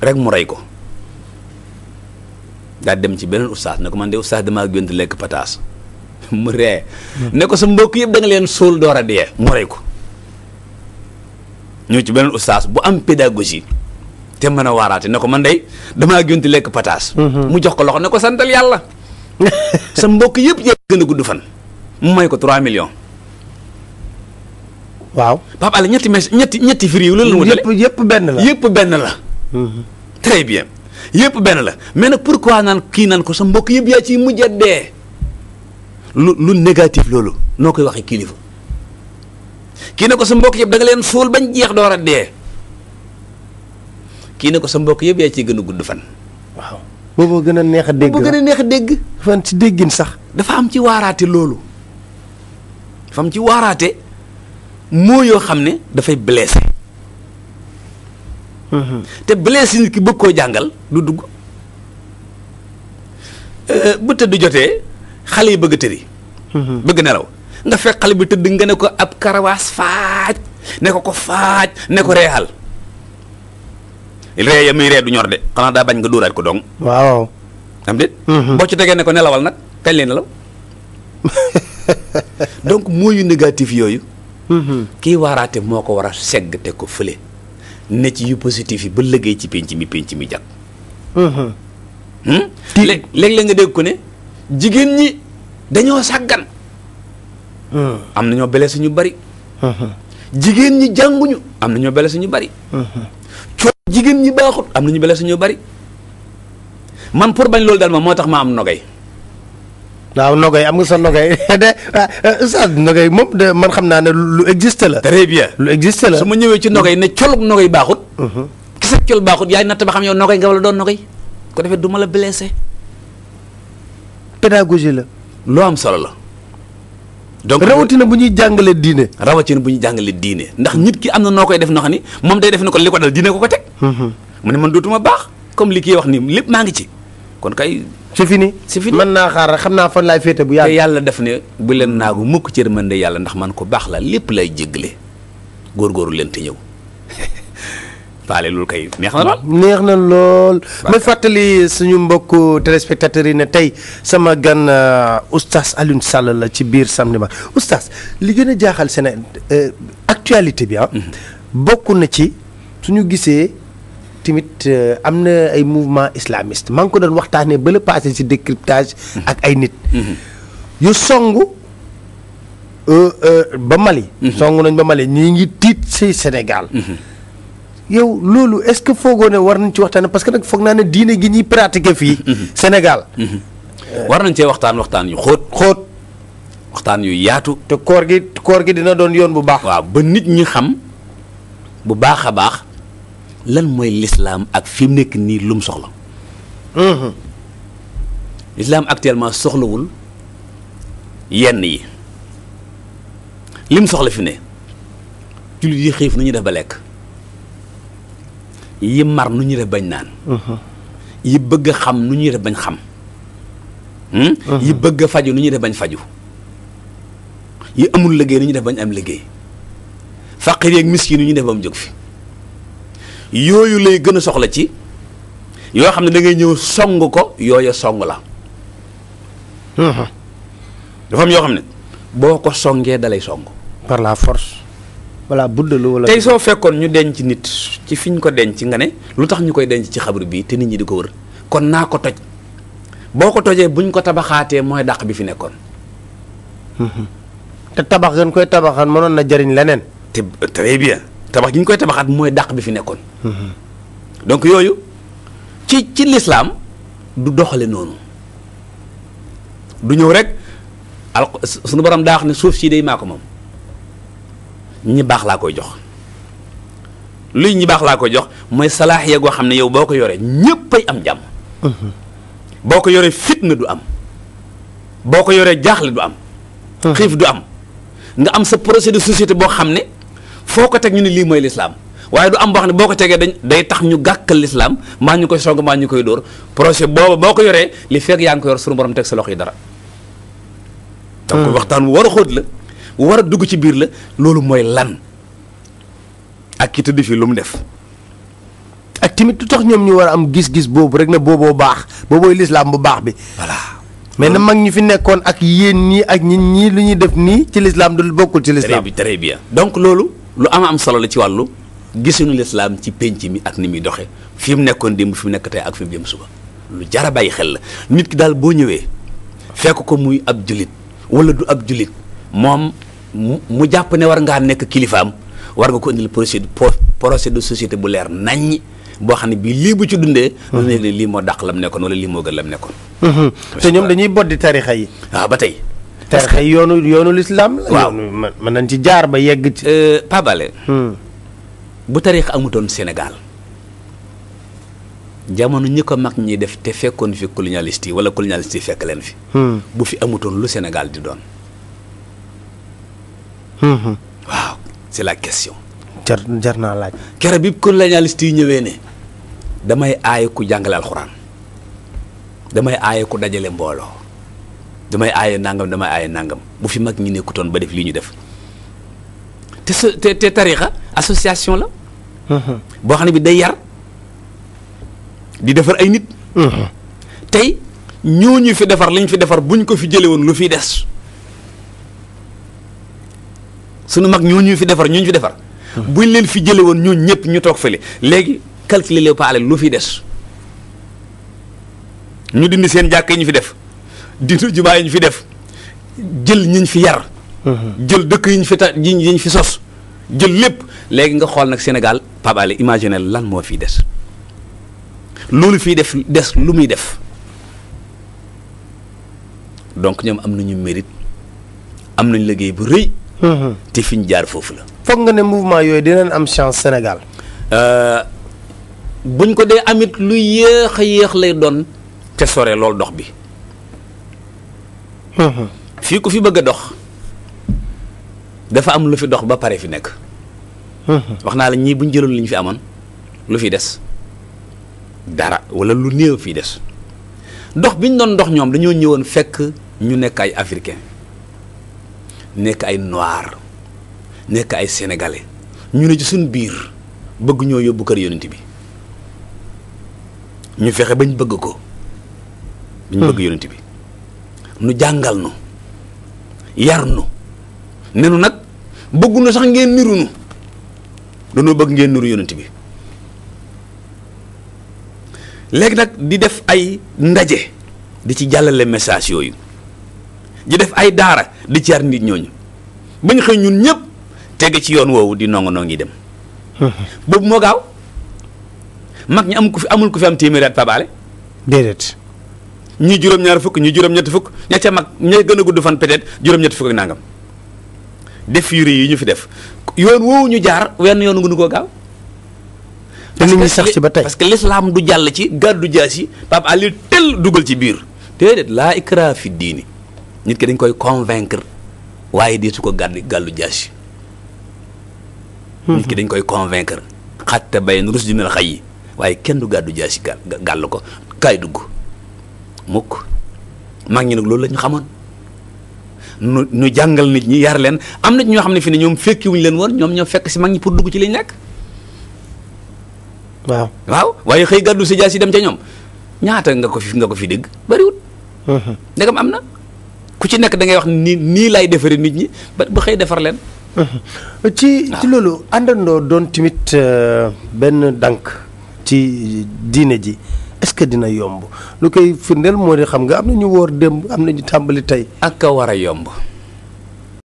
rek mu rey ko daa dem ci beneen ustaas ne man de ustaas damaa gënt lekk pataas mu ree hmm. ne sa mbokk yëpp da leen sool door a dee mu rey ko ñëw ci beneen ustaas bu am pédagogie te mën a waaraate ne ko man de damaa gënt lekk pataas hmm. mu jox ko loxo ne ko santal yàlla sa mbokk yëpp yëpp gën a gudd fan mu may ko 3 millions waaw Pape Alé ñetti mes ñetti ñetti firi yu benn la très bien yëpp benn la mais nag pourquoi naan kii naan ko sa mbokk yëpp yaa ciy mujj a lu lu négatif loolu noo koy waxee kilifa kii ne ko sa mbokk yëpp danga leen suul bañ jeex door a dee kii ne ko sa mbokk yëpp yaa ciy gën a gudd fan. waaw booboo gën a neex a dégg gën a neex a dégg. fan ci déggin sax. dafa am ci waaraate loolu dafa am ci waaraate moo yoo xam ne dafay blessé. te blessé nit ki bëgg koo jàngal du dugg euh, bu tëdd jotee xale yi bëgg tëri mhm. bëgg nelaw nga fekk xale bi tëdd nga ne ko ab karawaas faaj ne ko ko faaj ne ko reexal ree ya muy ree du ñor de xanaa daa bañ nga dóoraat ko dong waaw am déet mhm. boo ci tegee ne ko nelawal nag kañ leen nelaw donc mooyu négatif yooyu mhm. kii waaraate moo ko war a segg te ko fële ne ci yu positif yi ba liggéey ci penc mi penc mi jag. léeg léeg nga dégg ko ne jigéen ñi dañoo sàggan. Mm. am na ñoo blessé ñu bari. Mm-hmm. jigéen ñi jànguñu am na ñoo blessé ñu bari. Mm-hmm. coono jigéen ñi baaxut am na ñu blessé ñu bari. man pour bañ loolu dal ma moo tax ma am nogay. waaw nogay am nga sa nogay de ah, eh, oustaz nogay moom de man xam naa ne lu existe la. très bien lu existe la su ma ñëwee ci nogay ne colug nogay baaxut. Mhm. ki sa col baaxut yaay natt ba xam yow nogay nga wala doon nogay ko defee duma la blessé. pédagogie la. loo am solo la. donc rawatina bu ñuy jàngalee diine. rawatina bu ñuy jàngalee diine ndax ñit ki am na noo koy def noo xam ni moom day def ni ko li ko dal diine ko ko teg. Mhm. mu ne man dootuma baax comme li kii wax nii lépp maa ngi ci. kon kay. c'est fini c'est fini mën naa xaar xam naa fan laay féete bu yàlla. yàlla def ne bu leen naagu mukk cër mën de yàlla ndax man ko baax la lépp lay jéggale góorgóorlu leen te ñëw. faale loolu kay neex na lool. neex na lool. may fàttali suñu mbokk téléspectateurs yi ne tey sama gan euh, oustaz Alioune Sall la ci biir samedi ba oustaz li gën a jaaxal seen euh, actualité bi ah. Mhm. bokk na ci suñu gisee. tamit euh, am na ay mouvement islamiste maa ngi ko doon waxtaanee ba la si ci mhm. ak ay nit. Mhm. yu songu euh, euh, ba Mali. Mhm. songu nañ ba Mali ñii ngi tiit ci Sénégal. yow loolu est-ce que foogoone war nañ ci waxtaan parce que nag foog naa ne diine gi ñuy pratique fii. Sénégal. war nañ cee waxtaan waxtaan yu xóot xóot. waxtaan yu yaatu. te koor gi koor gi dina doon yoon bu baax. waaw ba nit ñi xam bu baax a baax. lan mooy lislaam ak fi mu nekk nii lum soxla. Mhm. lislaam actuellement soxlawul yenn yi lim soxla fi ne jullit yi xiif nu ñuy def ba lekk yi mar nu ñuy def bañ naan. Mhm. yi bëgg a xam nu ñuy def bañ xam. Hmm? Mhm. yi bëgg a faju nu ñuy def bañ faju yi amul liggéey nu ñu def bañ am liggéey. faqir yeeg miskin nu ñuy def ba mu jóg fi. yooyu lay gën a soxla ci yoo xam ne da ngay ñëw song ko yooyu song la uh-huh. dafa yoo xam ne boo ko songee dalay song par la force voilà buddalu wala. tey soo fekkoon ñu denc nit ci fiñ ko denc nga ne lu tax ñu koy denc ci xabru bii te nit ñi di ko wër kon naa ko toj boo ko tojee buñ ko tabaxaatee mooy dàq bi fi nekkoon. Uh-huh. te tabax gën koy tabaxaan mënoon na jariñ leneen. te très bien. tabax gi ñu koy tabaxaat mooy dàq bi fi nekkoon. donc yooyu ci ci lislaam du doxale noonu du ñëw rek al sunu borom daax ne suuf sii day maa ko moom ñi baax laa koy jox. luy ñi baax laa koy jox mooy salaax ya goo xam ne yow boo ko yoree ñëppay am jàmm. boo ko yoree fitna du am. boo ko yoree jaaxle du am. xiif du am. nga am sa projet de société boo xam ne. foo ko teg ñu ne lii mooy lislaam waaye du am boo xam ne boo ko tegee dañ day tax ñu gàkkal lislaam maa ñu koy song maa ñu koy dóor projet boobu boo ko yoree li fekk yaa ngi ko yor suñu borom teg sa loxo dara donc hmm. waxtaan war a xóot la war a dugg ci biir la loolu mooy lan ak ki tëdd fii lu mu def ak tamit lu tax ñoom ñu war a am gis-gis boobu rek ne booboo baax boobooy lislaam bu baax bi voilà mais na mag ñi fi nekkoon ak yéen nii ak ñin ñii lu ñuy def nii ci lislaam du bokkul ci lislaam très bien donc loolu lu am am solo la ci wàllu gisuñu lislaam ci penc mi ak ni muy doxee fi mu nekkoon démb fi mu nekk tey ak fi mu jëm suba lu jar a bàyyi xel la nit ki daal boo ñëwee fekk ko muy ab julit wala du ab julit moom mu jàpp ne war ngaa nekk kilifaam war nga ko indil procédure procès de société bu leer naññ boo xam ne bii lii bu ci dundee. lu ne lii moo dàq lam nekkoon wala lii moo gën lam nekkoon. Mhm. te ñoom dañuy boddi tarixa yi. waaw ah, ba tey. parce que yoonu yoonu lislaam waaw mën nañ ci jaar ba yegg ci. Euh, Pabale. Hmm. bu tariix amutoon Sénégal jamono ñi ko mag ñi def te fekkoon fi colonialiste yi wala fekk leen fi. Hmm. bu fi amutoon lu Sénégal di doon. Hmm, waaw c'est la question. jar jar naa laaj. kere bi colonialiste yi ñëwee ne damay aaye ku jàngale alxuraan damay aaye dajale mbooloo. damay aaye nangam damay aaye nangam bu fi mag ñi toon ba def lii ñu def te so te te tarixa association la. Uh-huh. boo xam ne bi day yar di defar ay nit. Uh-huh. tey ñooñu fi defar liñ fi defar buñ ko fi jëlee woon lu fi des. sunu mag ñooñu fi defar ñooñu fi defar. Uh-huh. buñ leen fi jëlee woon ñu ñëpp ñu toog fële léegi calculer le paale lu fi des. ñu dindi seen jàkk yi ñu fi def. dindi jumaa yi ñu fi def jël ñiñ fi yar. Mhm. jël dëkk yi ñu fi ta yi ñu fi sos jël lépp léegi nga xool nag Sénégal pabale imagine lan moo fi des loolu fiy def des lu muy def donc ñoom am ñu mérite am nañ liggéey bu rëy. Mhm. te fi ñu jaar foofu la. foog nga ne mouvement yooyu dinañ am chance Sénégal. Euh, buñ ko dee amit lu yéex yéex lay doon te sore loolu dox bi. fii ku fi bëgg a dox dafa am lu fi dox ba pare fi nekk wax naa la ñii buñ jëloon li ñu fi amoon lu fi des dara wala lu néew fii des dox bi ñu doon dox ñoom dañoo ñëwoon fekk ñu nekk ay africain nekk ay noir nekk ay sénégalais ñu ne ci suñ biir bëgguñoo yóbbu kër yonent bi ñu fexe bañ bëgg ko. ñu bëgg yonent bi. nu jàngal nu yar nu nenu nag bëggunu sax ngeen niru nu dañoo bëgg ngeen niru yonent bi léegi nag di def ay ndaje di ci jàllale message yooyu di def ay daara di ci yar nit ñooñu ñu xëy ñun ñëpp tege ci yoon woowu di nongo nongi dem boobu moo gaaw mag ñi am ku fi amul ku fi am téeméeri at ñi juróom-ñaar fukk ñi juróom-ñetti fukk ña ca mag ña gën a gudd fan peut-être juróom-ñetti fukk ak nangam def yu yi ñu fi def yoon woowu ñu jaar wenn yoon ngunu ko gaaw. te nit ñi sax ci ba tey parce que l'islam du jàll ci gàddu jaas yi Pape Aliou tel dugal ci biir déedéet laa ikra fi diini nit ki dañ koy convaincre waaye di su ko gàddu gàllu jaas yi. ki dañ koy convaincre. xatte bayn rus dinal xay yi waaye kenn du gàddu jaas yi gàll gàll ko kaay dugg. mukk mag ñi nag loolu la ñu xamoon nu nu jàngal nit ñi yar leen am na ñoo xam ne fi ne ñoom fekki wuñu leen woon ñoom ñoo fekk si mag ñi pour dugg ci li ñu nekk waaw waaye xëy gàddu si dem ca ñoom ñaata nga ko fi nga ko fi dégg bariwut mm-hmm. ndegam am na ku ci nekk da ngay wax nii nii lay defaree nit ñi ba xëy defar leen mm-hmm. ci ci loolu àndandoo doon tamit euh, benn dànk ci diine ji est-ce que dina yomb lu koy firndeel moo di xam nga am na ñu wóor démb am na ñu tàmbali tey. ak a war a yomb.